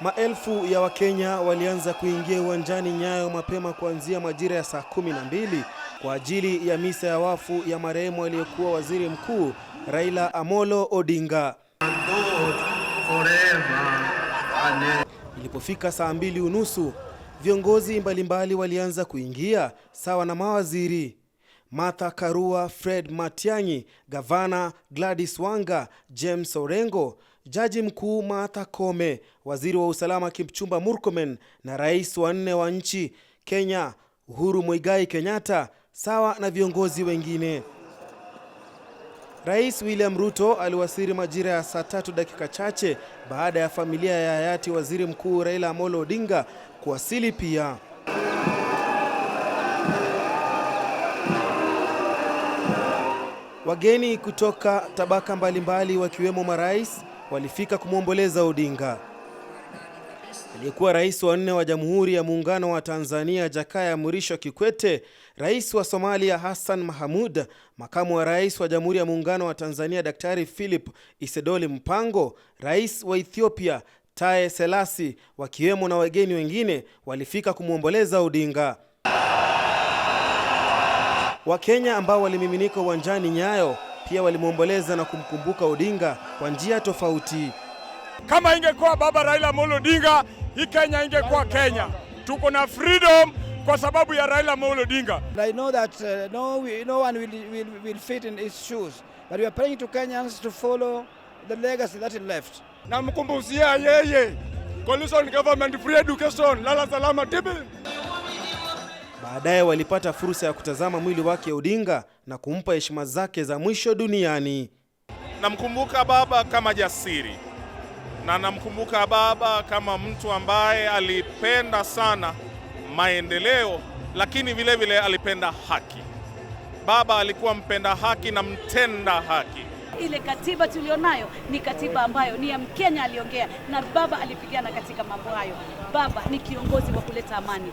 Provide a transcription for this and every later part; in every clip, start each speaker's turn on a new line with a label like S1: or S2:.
S1: Maelfu ya Wakenya walianza kuingia uwanjani Nyayo mapema kuanzia majira ya saa kumi na mbili kwa ajili ya misa ya wafu ya marehemu aliyekuwa waziri mkuu Raila Amolo Odinga. Ilipofika saa mbili unusu, viongozi mbalimbali walianza kuingia sawa na mawaziri Martha Karua, Fred Matiang'i, Gavana Gladys Wanga, James Orengo Jaji Mkuu Martha Koome, Waziri wa Usalama Kipchumba Murkomen na rais wa nne wa nchi Kenya Uhuru Muigai Kenyatta sawa na viongozi wengine. Rais William Ruto aliwasili majira ya saa tatu dakika chache baada ya familia ya hayati Waziri Mkuu Raila Amolo Odinga kuwasili pia. Wageni kutoka tabaka mbalimbali wakiwemo marais, walifika kumwomboleza Odinga. Aliyekuwa rais wa nne wa Jamhuri ya Muungano wa Tanzania Jakaya Mrisho Kikwete, rais wa Somalia Hassan Mahamud, makamu wa rais wa Jamhuri ya Muungano wa Tanzania Daktari Philip isedoli Mpango, rais wa Ethiopia tae Selasi, wakiwemo na wageni wengine walifika kumwomboleza Odinga. Wakenya ambao walimiminika uwanjani Nyayo pia walimwomboleza na kumkumbuka Odinga kwa njia tofauti.
S2: Kama ingekuwa baba Raila Amolo Odinga, hii Kenya ingekuwa Kenya. Tuko na freedom kwa sababu ya Raila Amolo Odinga.
S3: I know that uh, no, we, no one will, will, will fit in his shoes but we are praying to Kenyans to follow the legacy that he left.
S2: Namkumbusia yeye coalition government free education lala salama tibi
S1: Baadaye walipata fursa ya kutazama mwili wake Odinga na kumpa heshima zake za mwisho duniani.
S4: Namkumbuka baba kama jasiri na namkumbuka baba kama mtu ambaye alipenda sana maendeleo, lakini vilevile vile alipenda haki. Baba alikuwa mpenda haki na mtenda haki.
S5: Ile katiba tulionayo ni katiba ambayo ni ya Mkenya aliongea, na baba alipigana katika mambo hayo. Baba ni kiongozi wa kuleta amani.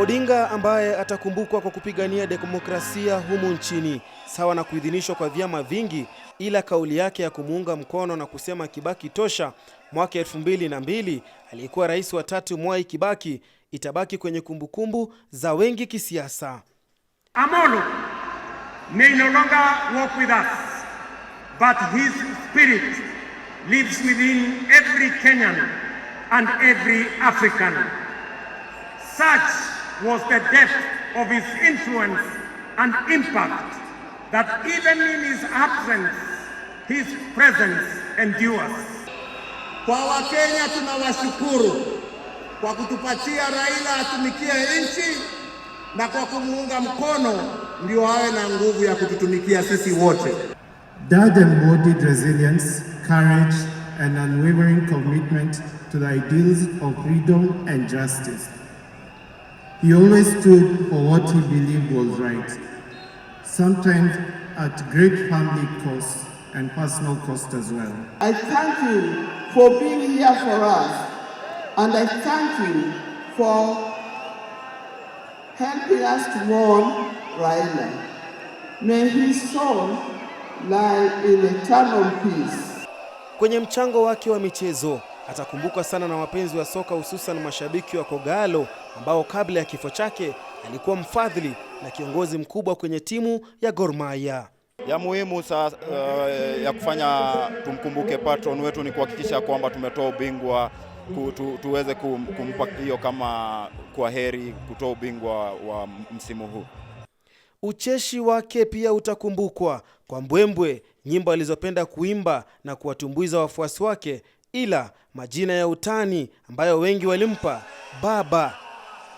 S1: Odinga ambaye atakumbukwa kwa kupigania demokrasia humu nchini sawa na kuidhinishwa kwa vyama vingi, ila kauli yake ya kumuunga mkono na kusema Kibaki tosha mwaka elfu mbili na mbili aliyekuwa rais wa tatu Mwai Kibaki itabaki kwenye kumbukumbu -kumbu za wengi kisiasa.
S6: Amolo may no longer walk with us but his spirit lives within every Kenyan and every African. Such was the depth of his influence and impact that even in his absence, his presence endures.
S7: Kwa Wakenya tunawashukuru kwa kutupatia Raila atumikie nchi na kwa kumuunga mkono ndio awe na nguvu ya kututumikia sisi wote.
S8: Dad embodied resilience, courage and unwavering commitment to the ideals of freedom and justice. He always stood for what he believed was right, sometimes at great family cost and personal cost as well.
S9: I thank you for being here for us, and I thank you for helping us to mourn Raila. May his soul lie in eternal peace.
S1: Kwenye mchango wake wa michezo atakumbukwa sana na wapenzi wa soka, hususan mashabiki wa Kogalo ambao kabla ya kifo chake alikuwa mfadhili na kiongozi mkubwa kwenye timu ya Gor Mahia.
S10: Ya muhimu sa, uh, ya kufanya tumkumbuke patron wetu ni kuhakikisha kwamba tumetoa ubingwa ku, tu, tuweze kumpa hiyo kama kwa heri kutoa ubingwa wa msimu huu.
S1: Ucheshi wake pia utakumbukwa kwa mbwembwe, nyimbo alizopenda kuimba na kuwatumbuiza wafuasi wake ila majina ya utani ambayo wengi walimpa Baba,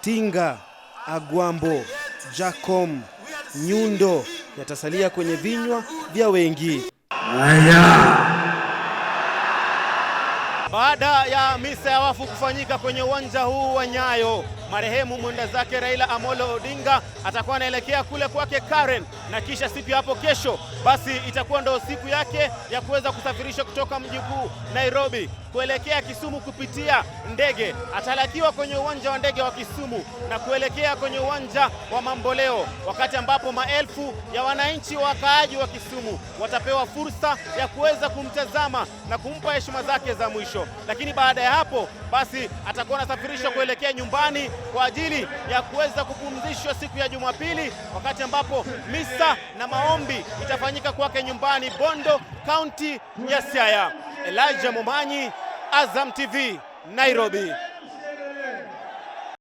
S1: Tinga, Agwambo, Jacom, Nyundo yatasalia kwenye vinywa vya wengi. Baada ya misa ya wafu kufanyika kwenye uwanja huu wa Nyayo marehemu mwenda zake Raila Amolo Odinga atakuwa anaelekea kule kwake Karen, na kisha siku ya hapo kesho basi itakuwa ndo siku yake ya kuweza kusafirishwa kutoka mji mkuu Nairobi kuelekea Kisumu kupitia ndege. Atalakiwa kwenye uwanja wa ndege wa Kisumu na kuelekea kwenye uwanja wa Mamboleo, wakati ambapo maelfu ya wananchi wakaaji wa Kisumu watapewa fursa ya kuweza kumtazama na kumpa heshima zake za mwisho. Lakini baada ya hapo basi atakuwa anasafirishwa kuelekea nyumbani kwa ajili ya kuweza kupumzishwa siku ya Jumapili, wakati ambapo misa na maombi itafanyika kwake nyumbani Bondo, kaunti ya Siaya. Elijah Momanyi, Azam TV, Nairobi.